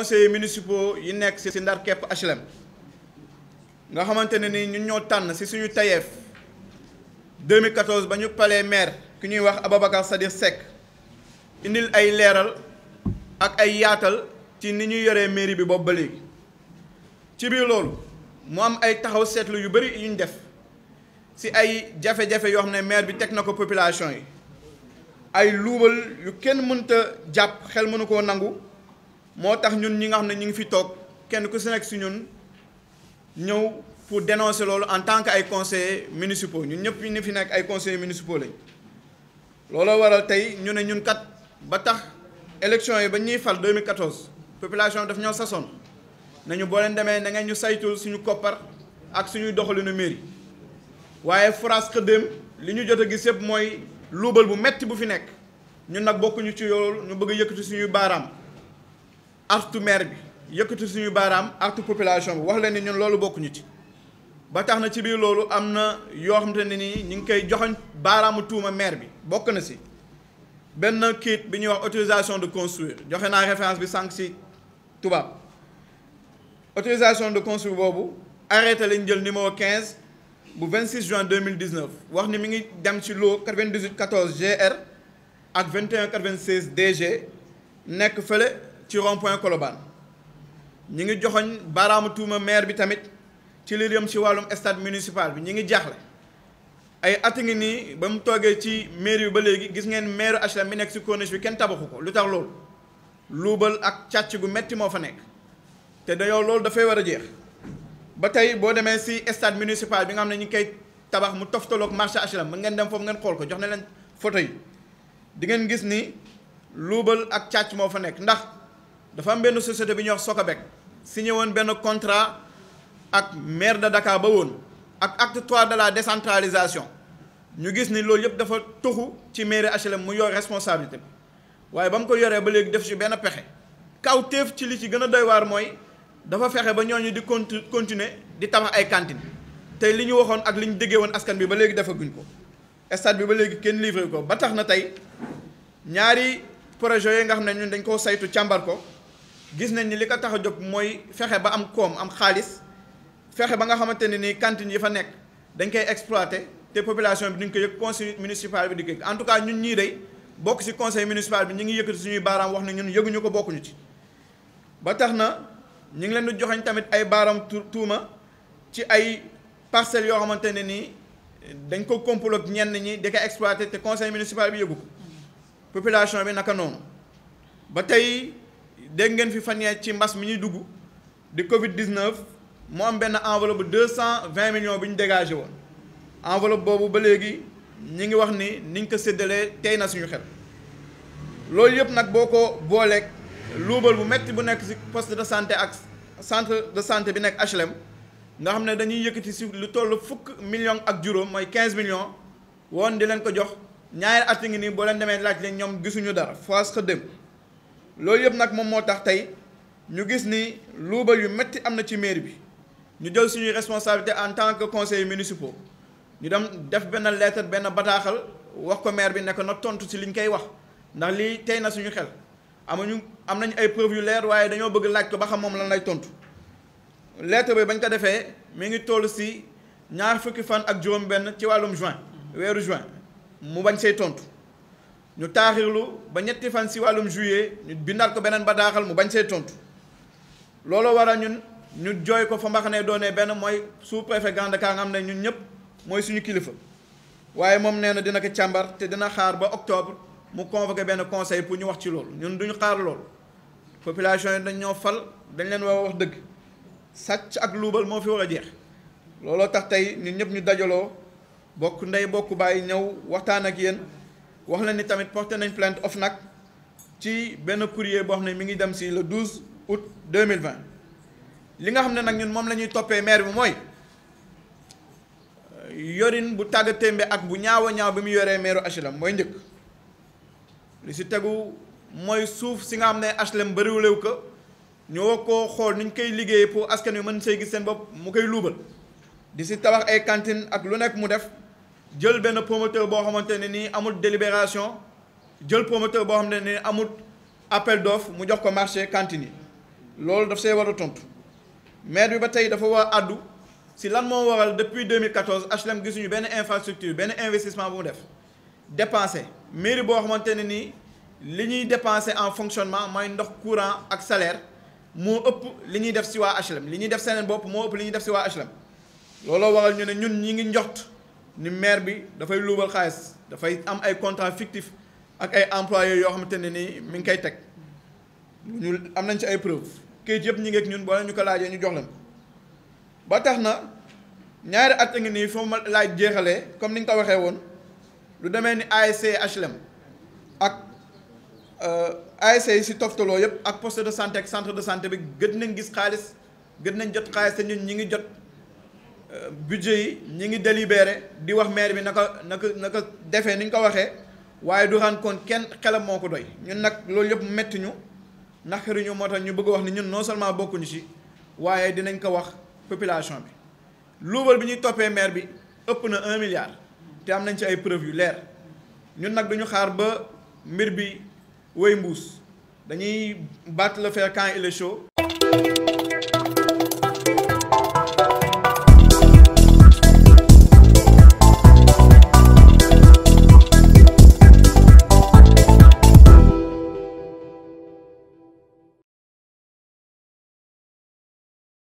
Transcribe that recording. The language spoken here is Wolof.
conseillers municipaux yi nekk ci Ndar Kepp HLM nga xamante ne ni ñu ñoo tànn ci suñu tayeef 2014 ba ñu palee maire ki ñuy wax Ababacar Sadikh Seck indil ay leeral ak ay yaatal ci ni ñuy yoree mairie bi boobu ba léegi ci biir loolu mu am ay taxaw seetlu yu bari yu ñu def ci ay jafe-jafe yoo xam ne maire bi teg na ko population yi ay luubal yu kenn mënta jàpp xel mënu koo nangu moo tax ñun ñi nga xam ne ñu ngi fi toog kenn ku si nekk si ñun ñëw pour dénoncer loolu en tant que ay conseillers municipaux ñun ñëpp ñu fi nekk ay conseillers municipaux lañ looloo waral tey ñu ne ñun kat ba tax élection yi ba ñuy fal 2014 population daf ñoo sasoon nañu boo leen demee na ngeen ñu saytul suñu koppar ak suñuy doxalinu mairie waaye France xëddéem li ñu jot a gis yëpp mooy luubal bu metti bu fi nekk ñun nag bokkuñu ci yoolu ñu bëgg a yëkkati suñuy baaraam. artu maire bi yëkkati suñu baaraam artu population bi wax leen ni ñun loolu bokkuñu ci ba tax na ci biir loolu am na yoo xamante ne nii ñu ngi koy joxoñ baaraamu tuuma maire bi bokk na si benn kayit bi ñuy wax autorisation de construire joxe naa référence bi sànq si tubaab autorisation de construire boobu arrêté lañ jël numéro 15 bu 26 juin 2019 wax ni mi ngi dem ci lot 98 14 GR ak 21 96 DG nekk fële. ci rond-point Colobane ñi ngi joxoñ baaraamu tuuma maire bi tamit ci li jëm ci wàllum stade municipal bi ñu ngi jaaxle ay at ngi nii ba mu toogee ci maire bi ba léegi gis ngeen maire HLM bi nekk ci corniche bi kenn tabaxu ko lu tax loolu luubal ak càcc gu metti moo fa nekk te dañoo loolu dafay war a jeex ba tey boo demee ci stade municipal bi nga xam ne ñu ngi koy tabax mu toftaloog marché HLM ba ngeen dem foofu ngeen xool ko jox na leen photo yi gis ni luubal ak càcc moo fa nekk ndax dafa am benn société bi ñuy wax Socabek signé woon benn contrat ak maire de Dakar ba woon ak acte trois de la décentralisation ñu gis ni loolu yëpp dafa tuxu ci mairie HLM mu yor responsabilité bi waaye ba mu ko yoree ba léegi def ci benn pexe kaw téef ci li ci gën a doy waar mooy dafa fexe ba ñooñu di conti continuer di tabax ay cantine tey li ñu waxoon ak li ñu déggee woon askan bi ba léegi defaguñ ko stade bi ba léegi kenn livré ko ba tax na tey ñaari projet yi nga xam ne ñun dañ koo saytu càmbar ko gis nañ ni li ko tax a jóg mooy fexe ba am koom am xaalis fexe ba nga xamante ne nii cantine yi fa nekk dañ koy exploité te population bi duñ ko yëg conseil municipal bi di ko yëg en tout cas ñun ñii day bokk ci conseil municipal bi ñu ngi yëkkati suñuy baaraam wax ne ñun yëguñu ko bokkuñu ci ba tax na ñu ngi leen di joxeñ tamit ay baaraam tuuma ci ay parcelles yoo xamante ne nii dañ ko complot ñenn ñi di ko exploité te conseil municipal bi yëgu ko population bi naka noonu ba tey dégg ngeen fi fan ci mbas mi ñuy dugg di Covid 19 moo am benn enveloppe deux cent vingt millions bi ñu dégagé woon enveloppe boobu ba léegi ñi ngi wax ni niñ ko séddalee tey na suñu xel loolu yëpp nag boo ko booleek luubal bu metti bu nekk ci poste de santé ak centre de santé bi nekk HLM nga xam ne dañuy yëkkati ci lu toll fukk millions ak juróom mooy quinze millions woon di leen ko jox ñaari at ngi nii boo leen demee laaj leen ñoom gisuñu dara foos xa dem loolu yëpp nag moom moo tax tey ñu gis ni luuba yu métti am na ci maire bi ñu jël suñuy responsabilité en tant que conseillers municipaux ñu dem def benn lettre benn bataaxal wax ko maire bi nekk na tontu si liñ koy wax ndax lii tey na suñu xel am amuñu am nañu ay preuve yu leer waaye dañoo bëgg laaj ko ba xam moom lan nay tontu lettre bi bañ ko defee mi ngi toll si ñaar fukki fan ak juróom benn ci wàllum juin weeru juin mu bañ say tontu. ñu taaxirlu ba ñetti fan si wàllum juillet ñu bindaat ko beneen ba daaxal mu bañ see tontu loolu war a ñun ñu jooy ko fa mbax ne doonee benn mooy su préfet Gande Ka nga xam ne ñun ñëpp mooy suñu kilifa waaye moom nee na dina ko càmbar te dina xaar ba octobre mu convoqué benn conseil pour ñu wax ci loolu ñun duñu xaar loolu population yi dañ ñoo fal dañ leen war wax dëgg sàcc ak luubal moo fi war a jeex looloo tax tey ñun ñëpp ñu dajaloo bokk ndey bokk bàyyi ñëw waxtaan ak yéen wax na ni tamit porté nañ plainte nag ci benn courrier boo xam ne mi ngi dem si le 12 mille 2020 li nga xam ne nag ñun moom la ñuy toppee maire bi mooy euh, yorin bu tàggatémbe ak bu ñaawa ñaaw bi mu yoree maire HLM mooy njëkk li si tegu mooy suuf si nga xam ne HLM bariwulew ko ñu ko xool ni ñu koy liggéeyee pour askan wi mën see gis seen bopp mu koy luubal di si tabax ay cantine ak lu nekk mu def jël benn promoteur boo xamante ni nii amul délibération jël promoteur boo xam ne nii amul appel d'offre mu jox ko marché cantine loolu daf see war a tontu maire bi ba tey dafa war a àddu si lan moo waral depuis 2014 HLM gisuñu benn infrastructure benn investissement bu mu def dépensé maire boo xamante ne nii li ñuy dépensé en fonctionnement mooy ndox courant ak salaire moo ëpp li ñuy def si waa HLM li ñuy def seen bopp moo li ñuy def si waa looloo waral ñu ne ñun ñi ngi njort. ni maire bi dafay luubal xaalis dafay am ay contrat fictif ak ay employés yoo xamante ne nii mi ngi koy teg ñu am nañ ci ay preuve kayit yëpp ñi ngeek ñun boo ñu ko laajee ñu jox leen ba tax na ñaari at a ngi nii foo ma laaj jeexalee comme ni nga ko waxee woon lu demee ni ASC HLM ak euh, ASC yi si toftaloo yëpp ak poste de santé ak centre de santé bi gën nañ gis xaalis gën nañ jot xaalis te ñun ñi ngi jot budget yi ñi ngi délibéré di wax maire bi naka naka naka defee ni ñu ko waxee waaye du rendre kenn xelam moo ko doy ñun nag loolu yëpp métti ñu naqariñu moo tax ñu bëgg wax ni ñun non seulement bokkuñu ci waaye dinañ ko wax population bi luubal bi ñuy toppee maire bi ëpp na un milliard te am nañ ci ay preuve yu leer ñun nag duñu xaar ba mbir bi wéy mbuus dañuy baat le fer quand chaud